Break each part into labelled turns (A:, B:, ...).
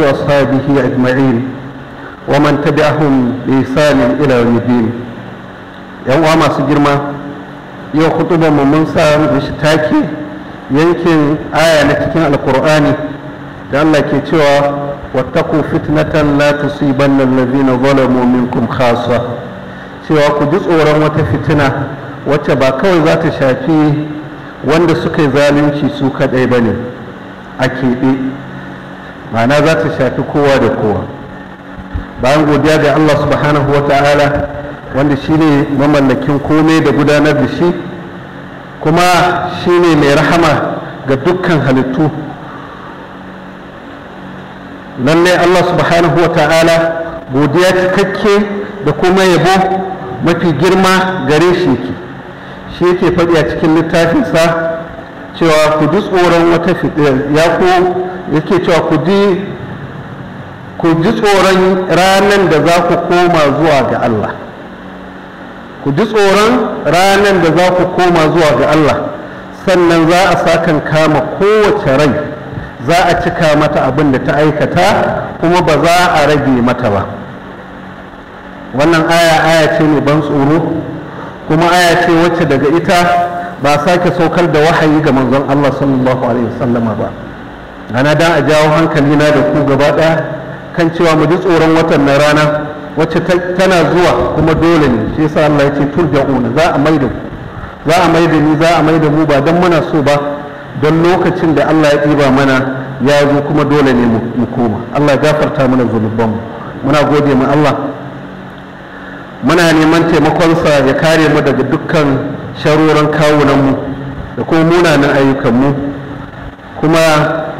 A: وأصحابه أجمعين ومن تبعهم بإحسان إلى يوم الدين ‘yan uwa masu girma yau hutubar mu mun sa mishi take yankin aya na cikin alkur'ani da Allah ke cewa wattaku fitnatan la tusibanna allazina zalamu minkum khassa cewa ku ji tsoron wata fitina wacce ba kawai za ta shafi wanda suka zalunci su kadai bane a keɓe ma'ana za ta shafi kowa da kowa bayan godiya da Allah subhanahu wa ta'ala wanda shi ne mamallakin komai da gudanar da shi kuma shi ne mai rahama ga dukkan halittu lallai Allah subhanahu wa godiya cikakke da kuma yabo mafi girma gare shi ke. shi yake faɗi a cikin littafinsa cewa ku ji tsoron wata ya ku yake cewa ku ji ku ji tsoron ranar da za ku koma zuwa ga Allah ku ji tsoron ranar da za ku koma zuwa ga Allah sannan za a sakan kama kowace rai za a cika mata abin da ta aikata kuma ba za a rage mata ba wannan aya aya ce mai ban tsoro kuma aya ce wacce daga ita ba sake saukar da wahayi ga manzon Allah sallallahu alaihi wasallama ba ana dan a jawo hankali na da ku gaba ɗaya kan cewa mu ji tsoron watan na rana wacce tana zuwa kuma dole ne shi yasa Allah ya ce turja'una za a maida ku za a maida ni za a maida mu ba dan muna so ba don lokacin da Allah ya ɗiba mana ya zo kuma dole ne mu koma Allah ya gafarta mana mu muna gode ma Allah muna neman taimakon sa ya kare mu daga dukkan sharoran kawunanmu da kuma munanan ayyukanmu kuma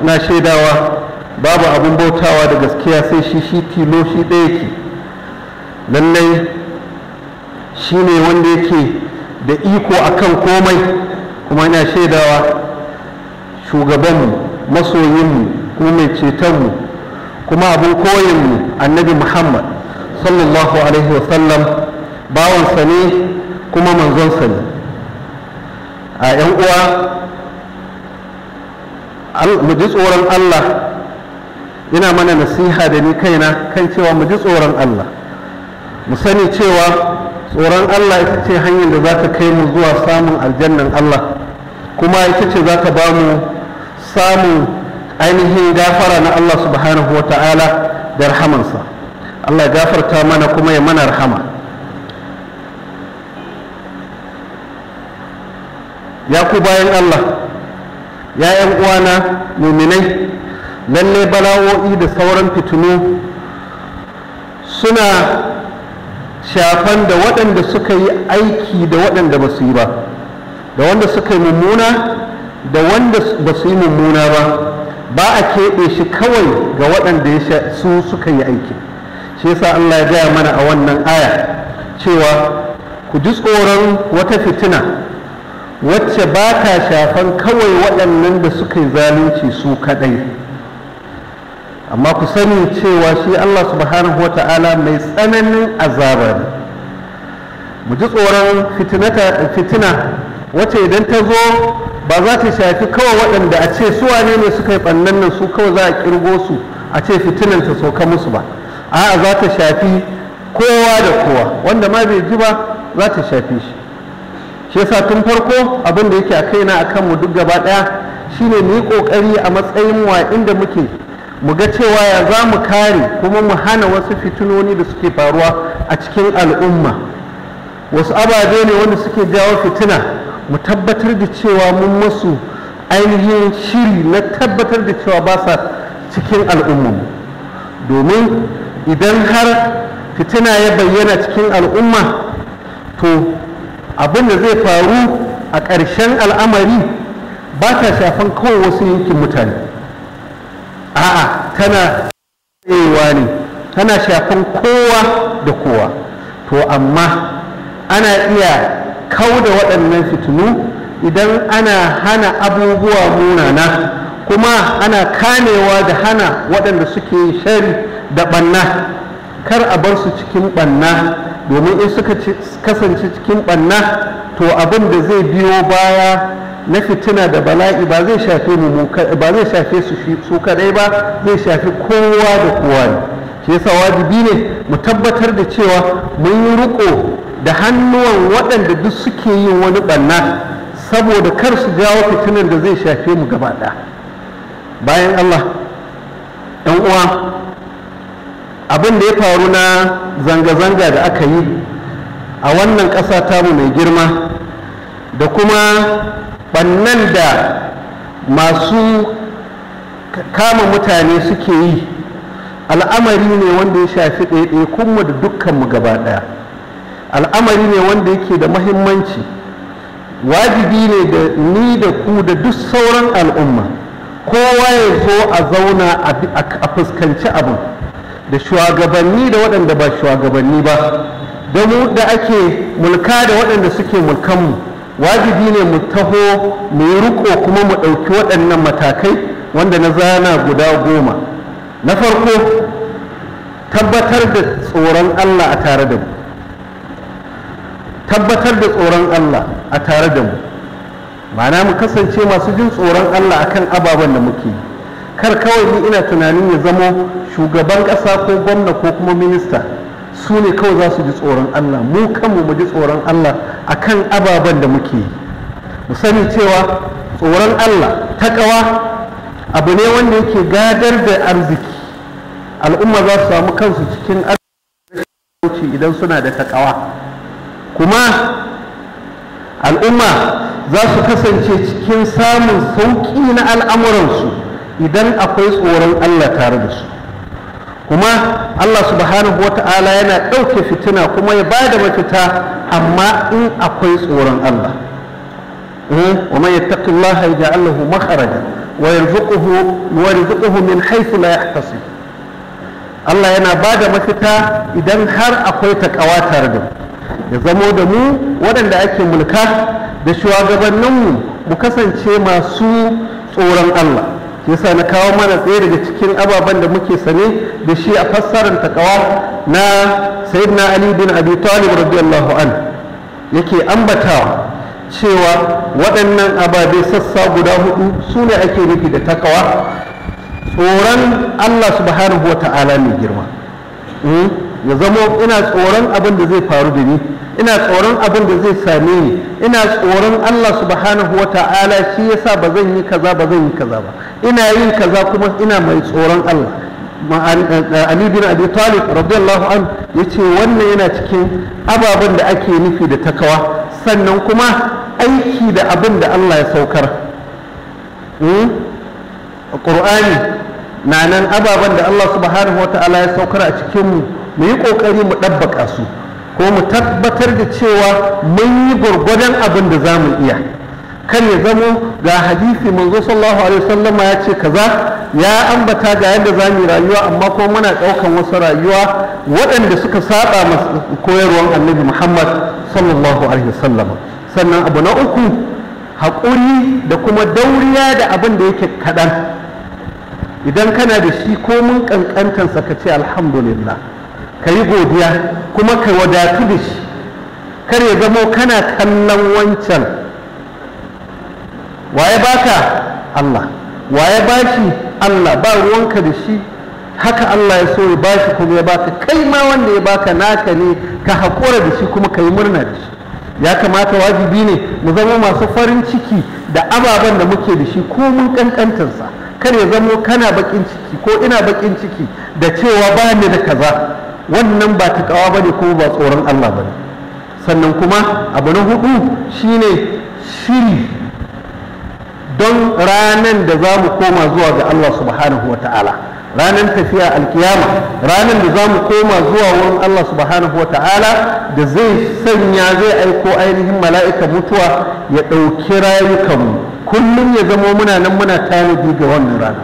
A: na shaidawa babu abin bautawa da gaskiya sai shi shi tilo shi ɗaya ke lallai shi ne wanda yake da iko akan komai kuma na shaidawa shugabanmu masoyinmu kuma mai cetonmu kuma abin koyinmu annabi muhammad sallallahu alaihi wasallam bawansa ne kuma manzonsa ne a 'yan uwa mu ji tsoron Allah ina mana nasiha da ni kaina kan cewa mu ji tsoron Allah mu sani cewa tsoron Allah ita ce hanyar da za ta kai mu zuwa samun aljannan Allah kuma ita ce za ta ba mu samun ainihin gafara na Allah subhanahu wa ta'ala da rahamansa Allah gafarta mana kuma ya mana rahama ya ku bayan Allah ya ‘yan uwana muminai lalle bala'o'i da sauran fitinu suna shafan da waɗanda suka yi aiki da waɗanda ba su yi ba da wanda suka yi mummuna da wanda ba su yi mummuna ba ba a keɓe shi kawai ga waɗanda su suka yi aiki shi yasa Allah ya gaya mana a wannan aya cewa ku ji tsoron wata fitina wacce ba ta shafan kawai waɗannan da suka yi zalunci su kaɗai amma ku sani cewa shi Allah subhanahu Ta'ala mai tsananin azaba ne mu ji tsoron fitina wacce idan ta zo ba za ta shafi kawai waɗanda a ce su ne ne suka yi ɓannan nan su kawai za a kirgo su a ce fitinan ta sauka musu ba a'a za ta shafi kowa da kowa wanda ma bai ji ba za ta shafi shi shi yasa tun farko abin da yake a kaina a kanmu duk gaba ɗaya shine mu yi ƙoƙari a matsayin wa inda muke mu ga cewa ya za mu kare kuma mu hana wasu fitinoni da suke faruwa a cikin al'umma wasu ababe ne wanda suke jawo fitina mu tabbatar da cewa mun masu ainihin shiri na tabbatar da cewa ba sa cikin al'umma domin idan har fitina ya bayyana cikin al'umma to abin da zai faru a ƙarshen al'amari ba ta shafan kawai wasu yankin mutane a'a tana tsayewa ne tana shafan kowa da kowa to amma ana iya kau da waɗannan fitinu idan ana hana abubuwa munana kuma ana kanewa da hana waɗanda suke shari da ɓanna kar a bar su cikin ɓanna domin in suka kasance cikin ɓanna to abin da zai biyo baya na fitina da bala'i ba zai shafe mu ba zai su su kadai ba zai shafi kowa da kowa ne shi yasa wajibi ne mu tabbatar da cewa mun yi riko da hannuwan waɗanda duk suke yin wani ɓanna saboda kar su jawo fitinan da zai shafe mu gaba bayan Allah ɗan uwa abin da ya faru na zanga-zanga da aka yi a wannan ƙasa mu mai girma da kuma ɓannan da masu kama mutane suke yi al'amari ne wanda ya shafi kuma da dukkanmu gaba ɗaya al'amari ne wanda yake da mahimmanci wajibi ne da ni da ku da duk sauran al'umma kowa ya zo a zauna a fuskanci abin da shugabanni da waɗanda ba shugabanni ba don mu da ake mulka da waɗanda suke mulkanmu wajibi ne mu taho mu yi riko kuma mu ɗauki waɗannan matakai wanda na zana guda goma na farko tabbatar da tsoron Allah a tare da mu tabbatar da tsoron Allah a tare da mu ma'ana mu kasance masu jin tsoron Allah akan ababen da muke yi kar kawai ni ina tunanin ya zamo shugaban ƙasa ko gwamna ko kuma minista su ne kawai za su ji tsoron Allah mu kanmu mu ji tsoron Allah a kan ababen da muke yi mu sani cewa tsoron Allah ta ƙawa, abu ne wanda yake gadar da arziki al'umma za su samu kansu cikin arziki idan suna da ta ƙawa. kuma al'umma za su kasance cikin samun sauƙi na al'amuransu idan akwai tsoron Allah tare da su kuma Allah subhanahu wata'ala yana ɗauke fitina kuma ya bada mafita amma in akwai tsoron Allah eh, wa ya yattaqillaha yaj'al lahu makharaja wa wa yarzuquhu min haythu la yahtasib Allah yana bada mafita idan har akwai takawa tare da ya zamo da mu waɗanda ake mulka da shugabanninmu mu kasance masu tsoron Allah yasa na kawo mana tsaye daga cikin ababen da muke sane da shi a fassarar takawa na sayyidina ali bin abi talib radiyallahu an yake ambatawa cewa waɗannan ababe sassa guda hudu su ne ake nufi da takawa tsoron allah subhanahu wa ta'ala mai girma hmm? ya zamo ina tsoron abin da zai faru da ni ina tsoron abin da zai same ni ina tsoron allah subhanahu wa ta'ala shi yasa ba zan yi kaza ba zan yi kaza ba ina yin kaza kuma ina mai tsoron Allah eh, eh, Ali bin Abi Talib radiyallahu an yace wannan yana cikin ababen da ake nufi da takawa sannan kuma aiki da abin da Allah ya saukar hmm? Qur'ani na nan ababen da Allah subhanahu wata'ala ya saukar a cikin mu mu yi kokari mu ɗabbaka su ko mu tabbatar da cewa mun yi gwargwadon abin da za mu iya kan ya zamo ga hadisi manzo sallallahu alaihi wasallam ya ce kaza ya ambata ga yadda za mu rayuwa amma ko muna ɗaukan wasu rayuwa waɗanda suka saba koyarwar annabi muhammad sallallahu alaihi wasallam sannan abu na uku haƙuri da kuma dauriya da abin da yake kaɗan idan kana da shi ko mun ƙanƙantansa ka ce alhamdulillah ka yi godiya kuma ka wadatu da shi kar ya zamo kana kallon wancan waye baka Allah waye bashi Allah ba ruwanka da shi haka Allah ya so ya bashi kuma ya baka kai ma wanda ya baka naka ne ka haƙura da shi kuma ka yi murna da shi ya kamata wajibi ne mu zama masu farin ciki da ababen da muke da shi ko mun kankantarsa kar ya zamo kana bakin ciki ko ina baƙin ciki da cewa ba ni da kaza wannan ba ta kawa bane ko ba tsoron Allah bane. sannan kuma abu na hudu shine shiri don ranan da za mu koma zuwa ga Allah subhanahu wa ta'ala ranan tafiya alkiyama ranan da za mu koma zuwa wurin Allah subhanahu wa ta'ala da zai sanya zai aiko ainihin mala'ika mutuwa ya ɗauki rayukanmu kullum ya zama muna nan muna tanadi ga wannan rana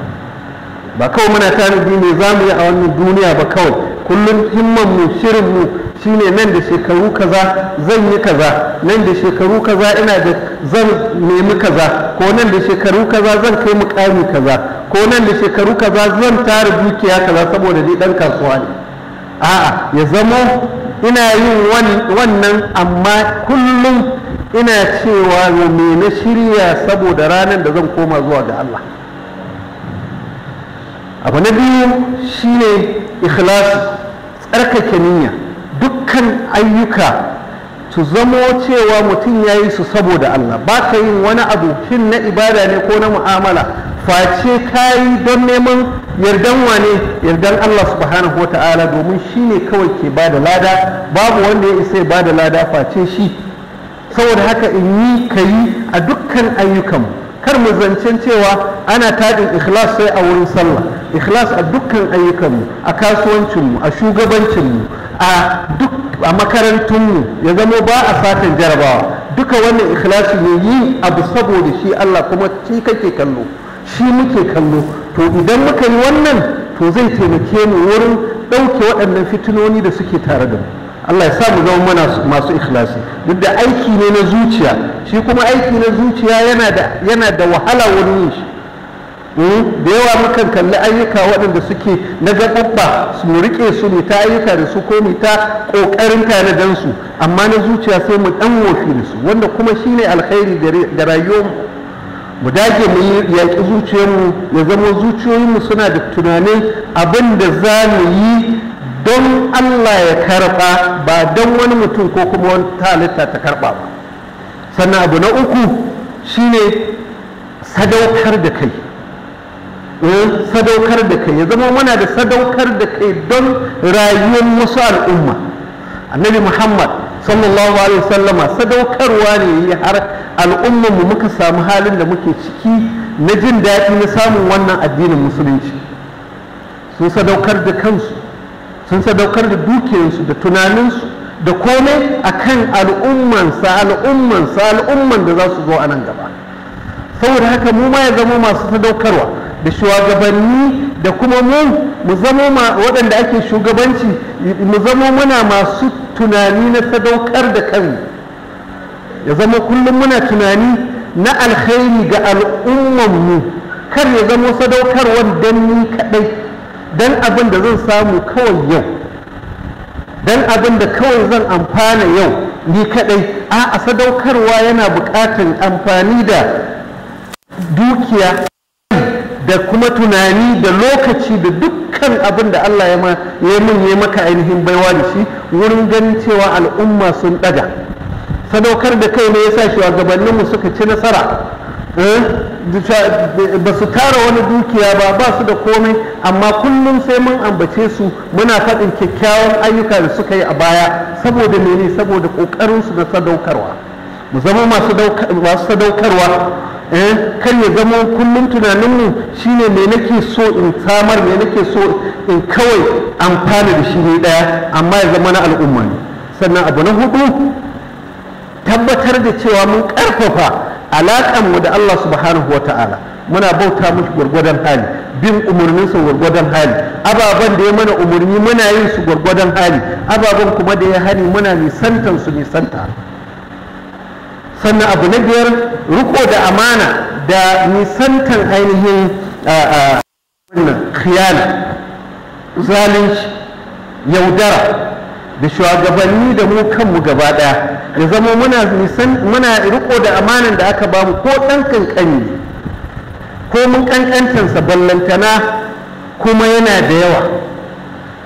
A: ba kawai muna tanadi ne za mu yi a wannan duniya ba kawai kullum himmanmu mu shirin mu Shi ne nan da shekaru kaza zan yi kaza nan da shekaru kaza ina da zan nemi kaza ko nan da shekaru kaza zan kai mukami kaza ko nan da shekaru kaza zan tara dukiya kaza saboda ni dan kasuwa ne a'a ya zama ina yin wannan amma kullum ina cewa me na shirya saboda ranar da zan koma zuwa ga Allah abu na biyu shine ikhlasi tsarkake niyya dukkan ayyuka su zamo cewa mutum ya yi su saboda Allah ba ka yin wani abu shin na ibada ne ko na mu'amala face ka yi don neman yardan wane yardan Allah subhanahu ta'ala domin shi ne kawai ke ba da lada babu wanda ya isa ba da lada face shi saboda haka in yi ka yi a dukkan ayyukanmu kar mu zancen cewa ana taɗin ikhlas sai a wurin sallah ikhlas a dukkan ayyukanmu a kasuwancinmu a shugabancinmu a duk a makarantunmu ya zama ba a satan jarabawa duka wannan ikhlasi ne yi abu saboda shi Allah kuma shi kake kallo shi muke kallo to idan muka yi wannan to zai taimake mu wurin ɗauke waɗannan fitinoni da suke tare da mu Allah ya sa mu zama mana masu ikhlasi duk da aiki ne na zuciya shi kuma aiki na zuciya yana da wahala wurin yin shi Eh, da yawa mukan kalli ayyuka waɗanda suke na gaɓaɓɓa mu riƙe su mu ta ayyuka da su ko mu ta ƙoƙarin tare dan su amma na zuciya sai mu ɗan wofi da su wanda kuma shine alkhairi ga rayuwarmu mu dage mu yi yaƙi zuciyarmu ya zama zuciyoyinmu suna da tunanin abin da za mu yi don Allah ya karɓa ba don wani mutum ko kuma wani halitta ta karɓa ba sannan abu na uku shine sadaukar da kai Eh, sadaukar da kai ya zama muna da sadaukar da kai don rayuwar wasu al'umma annabi muhammad sallallahu alaihi wasallama sadaukarwa ne ya har al'ummar mu muka samu halin da muke ciki na jin daɗi na samun wannan addinin musulunci sun sadaukar da kansu sun sadaukar da dukiyarsu da tunaninsu da komai a kan al'ummansa al'ummansa al'umman da za su zo a nan gaba saboda haka mu ma ya zama masu sadaukarwa da shugabanni da kuma mu mu zamo waɗanda ake shugabanci mu zamo muna masu tunani na sadaukar da kanmu ya zama kullum muna tunani na alkhairi ga al'ummanmu kar ya zamo sadaukarwar don ni kaɗai don abin da zan samu kawai yau don abin da kawai zan amfana yau ni kaɗai a sadaukarwa yana buƙatar amfani da dukiya da kuma tunani da lokaci da dukkan abin da Allah ya mun ya maka ainihin baiwa da shi wurin ganin cewa al'umma sun ɗaga sadaukar da kai ne ya sa shi wa mu suka ci nasara eh, ba su tara wani dukiya ba ba su da komai amma kullum sai mun ambace su muna faɗin kyakkyawan ayyuka da suka yi a baya saboda mene saboda ƙoƙarinsu na sadaukarwa mu zama masu sadaukarwa Eh? kan ya zama kullum tunanin tunaninmu shine me nake so in samar me nake so in kawai amfana da shi ne daya amma ya zama na al'umma ne sannan abu na hudu tabbatar da cewa mun karfafa mu da Allah subhanahu wa ta'ala muna bauta mu gurgurdan hali bin umarninsu gurgurdan hali ababen da ya mana umarni muna yin su gwargwadon hali ababen kuma da ya hani muna nisantan su nisanta sannan abu na biyar riko da amana da nisantan ainihin khiyana zalunci yaudara da shugabanni da mu kanmu gaba daya ya zama muna muna riko da amanan da aka bamu ko dan kankani ko mun sa ballantana kuma yana da yawa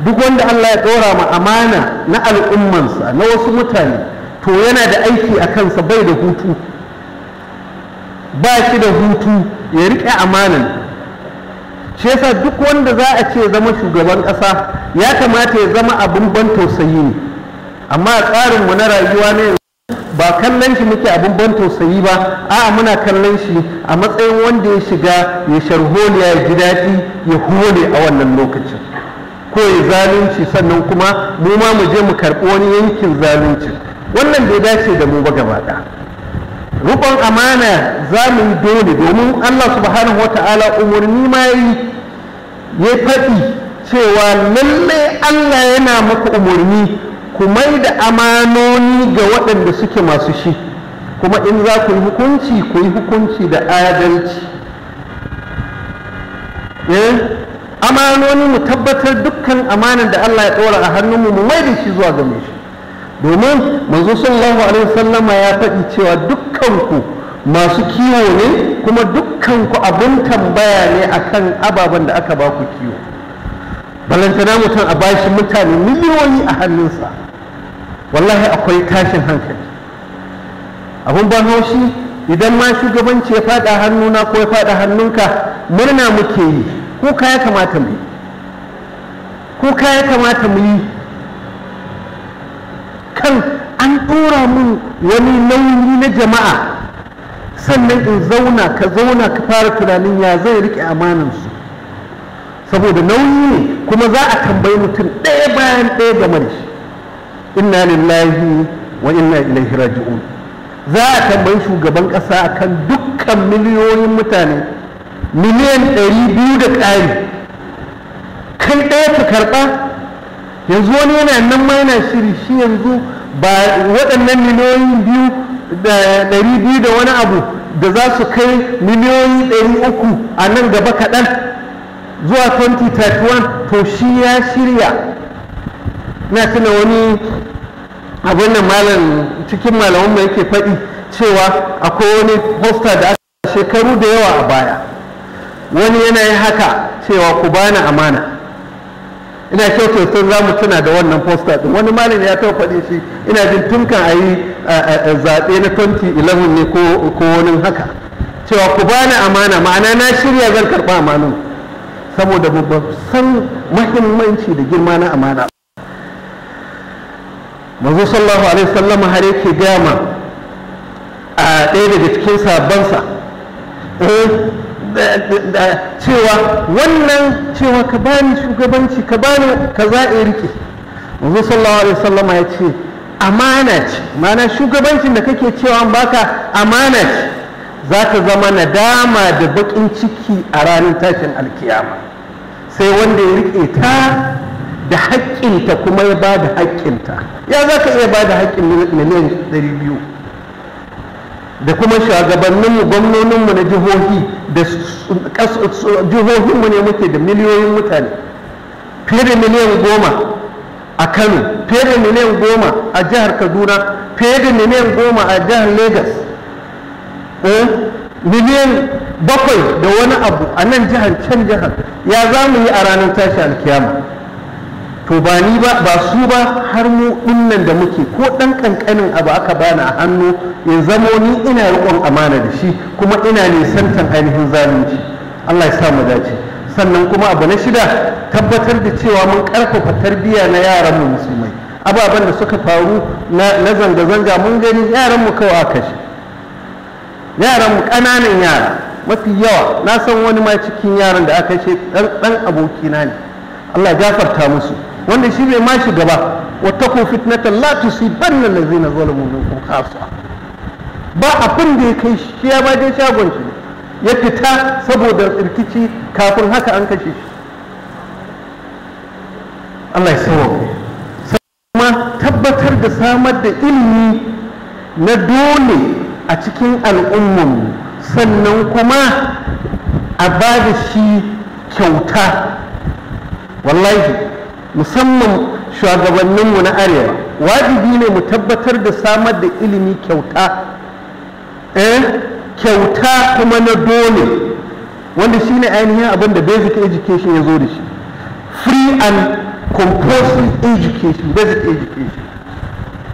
A: duk wanda Allah ya ɗora wa amana na al'ummansa na wasu mutane to yana da aiki a kansa bai da hutu ba shi da hutu ya riƙe amanan shi yasa duk wanda za a ce zama shugaban ƙasa ya kamata ya zama abin ban tausayi ne amma tsarinmu na rayuwa ne ba kallon shi muke abin ban tausayi ba a'a muna kallon shi a matsayin wanda ya shiga ya sharholiya ya ji daɗi ya hole a wannan lokacin ko ya zalunci sannan kuma mu ma mu je mu karɓi wani yankin zalunci wannan bai dace da mu ba gaba rukon amana za mu yi dole domin Allah subhanahu wa ta'ala umarni ma yi ya faɗi cewa lalle Allah yana muku umarni ku mai da amanoni ga waɗanda suke masu shi kuma in za ku yi hukunci ku yi hukunci da adalci eh, amanoni mu tabbatar dukkan amanan da Allah ya ɗora a hannunmu mu mai da shi zuwa ga mai shi domin manzo sallallahu alaihi ya faɗi cewa dukkanku masu kiwo ne kuma dukkanku abin tambaya ne akan ababen da aka baku kiwo balantana mutum a bashi mutane miliyoyi a hannunsa wallahi akwai tashin hankali abun ban haushi idan ma shugabanci ya faɗa hannuna ko ya faɗa hannunka murna muke yi Kuka ya yi ko ya kamata mu yi kan an tura min wani nauyi na jama'a sannan in zauna ka zauna ka fara tunanin ya zai riƙe amanansu saboda nauyi ne kuma za a tambayi mutum ɗaya bayan ɗaya game da shi inna lillahi wa inna ilaihi raji'un za a tambayi shugaban ƙasa akan dukkan miliyoyin mutane miliyan ɗari biyu da ƙari kan ɗaya ka karɓa yanzu wani yana nan ma yana shiri shi yanzu ba waɗannan miliyoyin biyu da ɗari biyu da wani abu da za su kai miliyoyi ɗari uku a nan gaba kaɗan zuwa 2031 to shi ya shirya na tuna wani abin da malam cikin mai yake faɗi cewa akwai wani poster da aka shekaru da yawa a baya wani yana yi haka cewa ku bani amana ina kyautar sun za mu tuna da wannan poster din wani malami ya taɓa faɗi shi ina jin tun kan a yi zaɓe na 2011 ne ko wani haka cewa ku bani amana ma'ana na shirya zan karɓa amana saboda babban san mahimmanci da girma na amana mazu sallahu alaihi sallama har yake gama a ɗaya daga cikin sabansa eh da cewa wannan cewa ka bani shugabanci ka bani ka za a rike yanzu sallallahu alaihi wasallam ya ce amana ce mana shugabancin da kake cewa baka amana ce za ka zama nadama da bakin ciki a ranar tashin alkiyama sai wanda ya rike ta da haƙƙinta kuma ya ba da haƙƙinta ya za ka iya ba da haƙƙin miliyan 200 da kuma shugabanninmu gwamnoninmu na jihohi da jihohinmu ne muke da miliyoyin mutane fiye da miliyan goma a kano fiye da miliyan goma a jihar kaduna fiye da miliyan goma a jihar lagos eh, miliyan bakwai da wani abu a nan jihar can jihar ya za mu yi a ranar tashi alkiyama to ba ni ba ba su ba har mu dinnan da muke ko dan kankanin abu aka bani a hannu in zamo ni ina riƙon amana da shi kuma ina nisantan ainihin zalunci Allah ya sa mu dace sannan kuma abu na shida tabbatar da cewa mun karfafa tarbiyya na yaran mu musulmai ababen da suka faru na zanga-zanga mun gani yaran mu kawai aka shi yaran mu ƙananan yara mafi yawa na san wani ma cikin yaran da aka ce dan abokina ne Allah ya gafarta musu wanda shi bai ma shiga wata ku fitnata la tusibanna allazina zalamu minkum khassa ba abin da ya kai shi ya baje shagon shi ya fita saboda rikici kafin haka an kashe shi Allah ya sawa kuma tabbatar da samar da ilimi na dole a cikin al'ummanmu sannan kuma a ba da shi kyauta wallahi musamman shugabanninmu na arewa wajibi ne mu tabbatar da samar da ilimi kyauta eh, kyauta kuma na dole wanda shi ne ainihin abin da basic education ya zo da shi free and compulsory education basic education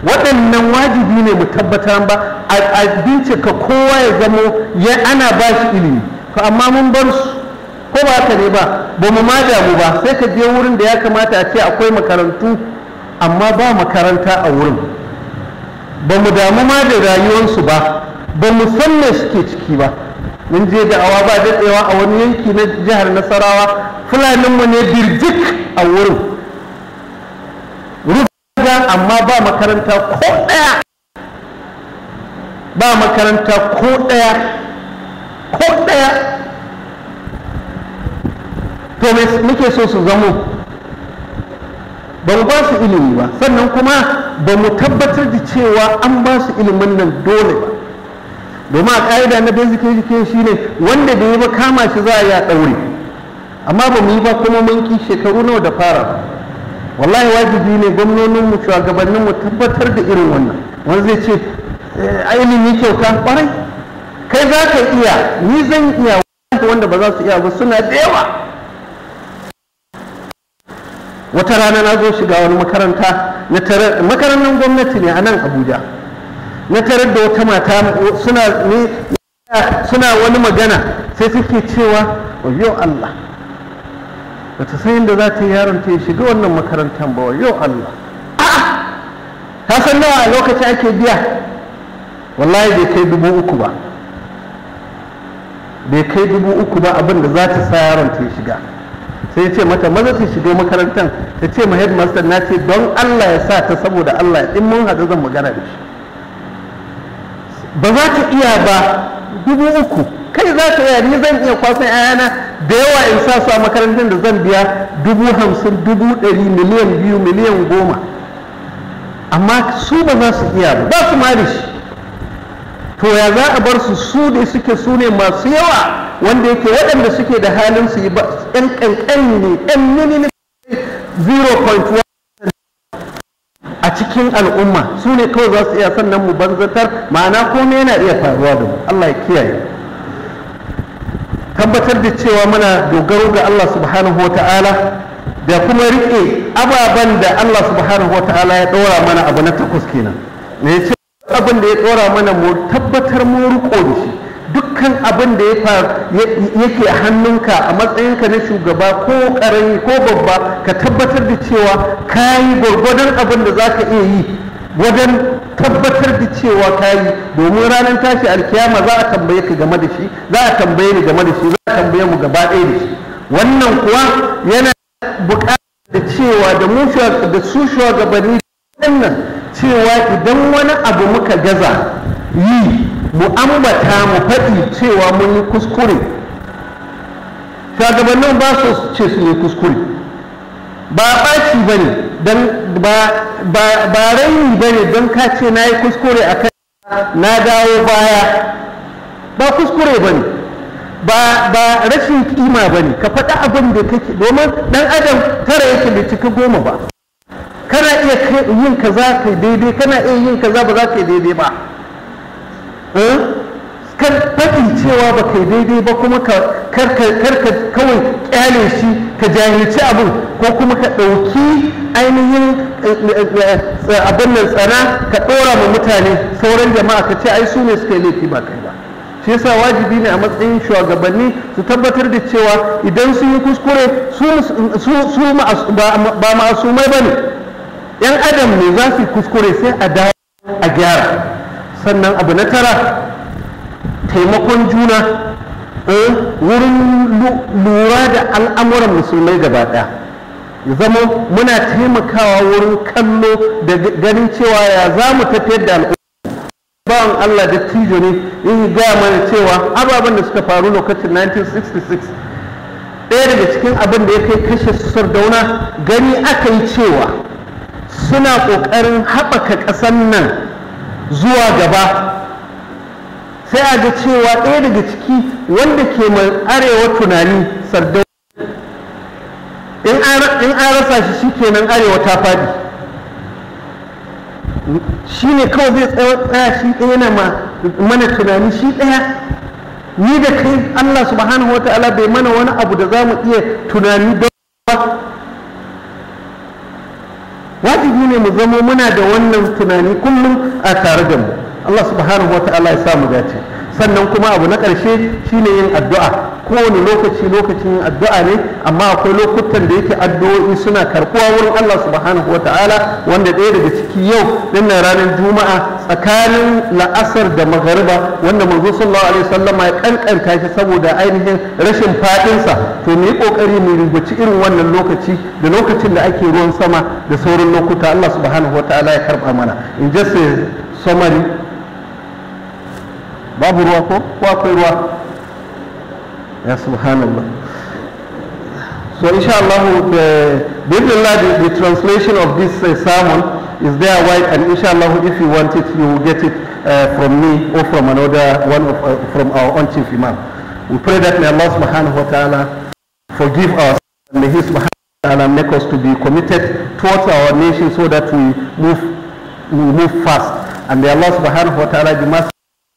A: waɗannan wajibi ne mu tabbatar ba a bincika kowa ya zamo ya ana ba shi ilimi to amma mun bar su ko ba haka ne ba ba mu ma damu ba sai ka je wurin da ya kamata a ce akwai makarantu amma ba makaranta a wurin ba mu damu ma da rayuwarsu ba ba mu san me suke ciki ba mun je da'awa ba daɗewa a wani yanki na jihar nasarawa mu ne birjik a wurin rufa amma ba makaranta ko ɗaya ba makaranta ko ɗaya ko ɗaya to muke so su zamo ba mu ba su ilimi ba sannan kuma ba mu tabbatar da cewa an ba su ilimin nan dole ba domin a ƙa'ida na basic education ne, wanda da yi ba kama shi za a yi a ɗaure amma ba mu yi ba kuma mun ki shekaru nawa da fara wallahi wajibi ne gwamnonin mu shugabannin mu tabbatar da irin wannan wani zai ce eh, ilimi kyauta kwarai kai za ka iya ni zan iya wanda ba za su iya ba suna da yawa wata rana na zo shiga wani makaranta na makarannin gwamnati ne a nan abuja na tarar da wata mata suna wani magana sai suke cewa wayo allah ba ta san yadda za ta yi yaron ta ya shiga wannan makarantar ba wayo allah a'a ta san nawa a lokaci ake biya wallahi bai kai dubu uku ba bai kai dubu uku ba abin da za ta sa yaron ta ya shiga sai ce mata maza ta shigo makarantar ta ce ma headmaster na ce don Allah ya sa ta saboda Allah in mun haɗu zan magana da shi ba za ta iya ba dubu uku kai za ta iya ni zan iya kwasan ayana da yawa in sa su a makarantar da zan biya dubu hamsin dubu ɗari miliyan biyu miliyan goma amma su ba za su iya ba ba su shi to ya za a bar su su da suke su ne masu yawa wanda yake waɗanda suke da halin su yi ba ɗan ƙanƙan ne ɗan mini 0.1 a cikin al'umma su ne kawai za su iya sannan mu banzatar ma'ana ko ne yana iya faruwa da mu Allah ya kiyaye tabbatar da cewa muna dogaro ga Allah subhanahu wa ta'ala da kuma riƙe ababen da Allah subhanahu wa ta'ala ya ɗora mana abu na takwas kenan ne ce abin da ya ɗora mana mu tabbatar mu riko da shi dukkan abin da yake hannunka a matsayinka na shugaba ko karami ko babba ka tabbatar da cewa ka yi gwargwadon abin da za ka iya yi wajen tabbatar da cewa ka yi domin ranar tashi alkiyama za a tambaye ka game da shi za a tambaye ni game da shi za a tambaye mu gaba ɗaya da shi wannan kuwa yana buƙatar da cewa da mu da su shugabanni wannan cewa idan wani abu muka gaza yi mu ambata mu faɗi cewa mun yi kuskure shugabannin ba su ce su yi kuskure ba ɓaci ba ne ba raini ba ne don ka ce na yi kuskure a kan na dawo baya ba kuskure ba ne ba rashin kima ba ne ka faɗi abin da kake domin ɗan adam tara yake bai cika goma ba kana iya yin kaza ka daidai kana iya yin kaza ba za ka daidai ba Eh? kar faɗi cewa ba kai daidai ba kuma karka kawai kyale shi ka jahilci abin ko kuma ka ɗauki ainihin eh, eh, abin nan tsana ka ɗora ma mutane sauran jama'a ka ce ai su ne suka yi laifi ba kai ba shi yasa wajibi ne a matsayin shugabanni su tabbatar da cewa idan sun yi kuskure su ba mai ba ne yan adam ne za su kuskure sai a dawo a gyara sannan abu na tara taimakon juna eh, wurin lura da al'amuran musulmai gaba daya zama muna taimakawa wurin kallo da ganin cewa ya za mu tafiyar da al'umma bawan Allah da tijo ne in gaya mana cewa ababen da suka faru lokacin 1966 ɗaya daga cikin abin da ya kai kashe su sardauna gani aka yi cewa suna ƙoƙarin haɓaka ƙasar nan zuwa gaba sai a ga cewa ɗaya daga ciki wanda ke mai arewa tunani sardau in an rasa shi shikenan arewa ta faɗi shi ne kawai zai tsaya shi ɗaya na mana tunani shi ɗaya ni da kai allah subhanahu wa ta'ala bai mana wani abu da za mu iya tunani don ba wajibi ne mu zamo muna da wannan tunani kullum a tare da mu Allah subhanahu wa ta'ala ya samu dace sannan kuma abu na ƙarshe shine yin addu'a kowane lokaci lokacin yin addu'a ne amma akwai lokutan da yake addu'o'i suna karkuwa wurin Allah subhanahu wa ta'ala wanda ɗaya daga ciki yau dinnan ranar juma'a tsakanin la'asar da magariba wanda manzo sallallahu alaihi wasallama ya kankanta shi saboda ainihin rashin faɗinsa to mu yi ƙoƙari mu rubuci irin wannan lokaci da lokacin da ake ruwan sama da sauran lokuta Allah subhanahu wa ta'ala ya karɓa mana in just summary babu ko ya subhanallah so inshallah uh, the the, the translation of this uh, sermon is there white. and inshallah if you want it you will get it uh, from me or from another one of uh, from our own chief imam we pray that may allah subhanahu wa ta'ala forgive us and may his subhanahu wa ta'ala make us to be committed towards our nation so that we move we move fast and may allah subhanahu wa ta'ala be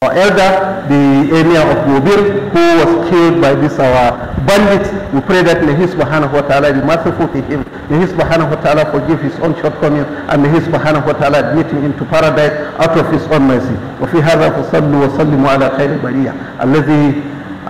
A: our elder, the emir of Mobil, who was killed by this our bandit. We pray that may His subhanahu wa ta'ala be merciful to him. May His subhanahu wa ta'ala forgive his own shortcomings and may His subhanahu wa ta'ala admit him into paradise out of his own mercy. وفي هذا فصلوا وسلموا على خير البرية الذي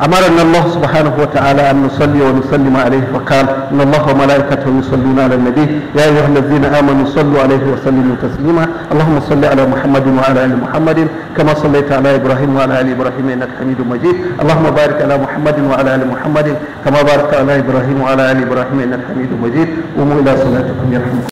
A: أمرنا الله سبحانه وتعالى أن نصلي ونسلم عليه فقال إن الله وملائكته يصلون على النبي يا أيها الذين آمنوا صلوا عليه وسلموا تسليما اللهم صل على محمد وعلى آل محمد كما صليت على إبراهيم وعلى آل إبراهيم إنك حميد مجيد اللهم بارك على محمد وعلى آل محمد كما باركت على إبراهيم وعلى آل إبراهيم إنك حميد مجيد قوموا إلى صلاتكم يرحمكم